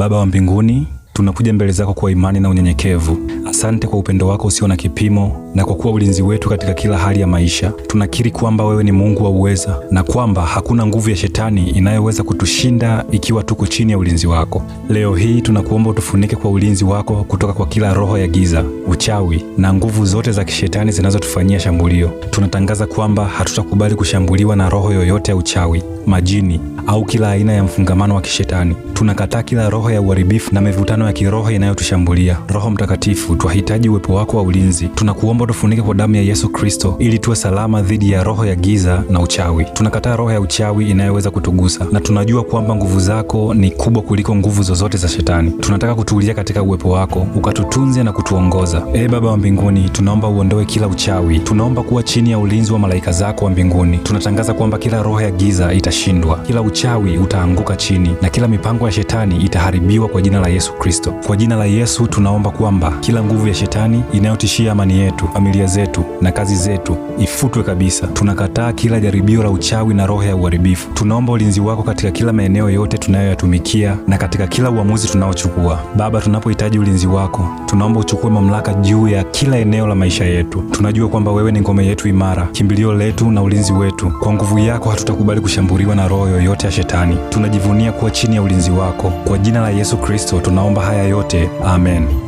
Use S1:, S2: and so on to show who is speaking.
S1: Baba wa mbinguni, tunakuja mbele zako kwa imani na unyenyekevu. Asante kwa upendo wako usio na kipimo na kwa kuwa ulinzi wetu katika kila hali ya maisha, tunakiri kwamba wewe ni Mungu wa uweza na kwamba hakuna nguvu ya shetani inayoweza kutushinda ikiwa tuko chini ya ulinzi wako. Leo hii tunakuomba utufunike kwa ulinzi wako kutoka kwa kila roho ya giza, uchawi na nguvu zote za kishetani zinazotufanyia shambulio. Tunatangaza kwamba hatutakubali kushambuliwa na roho yoyote ya uchawi, majini au kila aina ya mfungamano wa kishetani. Tunakataa kila roho ya uharibifu na mivutano ya kiroho inayotushambulia. Roho Mtakatifu, twahitaji uwepo wako wa ulinzi. Tunakuomba tunaomba tufunike kwa damu ya Yesu Kristo ili tuwe salama dhidi ya roho ya giza na uchawi. Tunakataa roho ya uchawi inayoweza kutugusa, na tunajua kwamba nguvu zako ni kubwa kuliko nguvu zozote za Shetani. Tunataka kutulia katika uwepo wako, ukatutunze na kutuongoza. Ee Baba wa mbinguni, tunaomba uondoe kila uchawi. Tunaomba kuwa chini ya ulinzi wa malaika zako wa mbinguni. Tunatangaza kwamba kila roho ya giza itashindwa, kila uchawi utaanguka chini, na kila mipango ya Shetani itaharibiwa kwa jina la Yesu Kristo. Kwa jina la Yesu tunaomba kwamba kila nguvu ya Shetani inayotishia amani yetu familia zetu na kazi zetu ifutwe kabisa. Tunakataa kila jaribio la uchawi na roho ya uharibifu. Tunaomba ulinzi wako katika kila maeneo yote tunayoyatumikia na katika kila uamuzi tunaochukua. Baba, tunapohitaji ulinzi wako, tunaomba uchukue mamlaka juu ya kila eneo la maisha yetu. Tunajua kwamba wewe ni ngome yetu imara, kimbilio letu na ulinzi wetu. Kwa nguvu yako hatutakubali kushambuliwa na roho yoyote ya shetani. Tunajivunia kuwa chini ya ulinzi wako. Kwa jina la Yesu Kristo tunaomba haya yote, amen.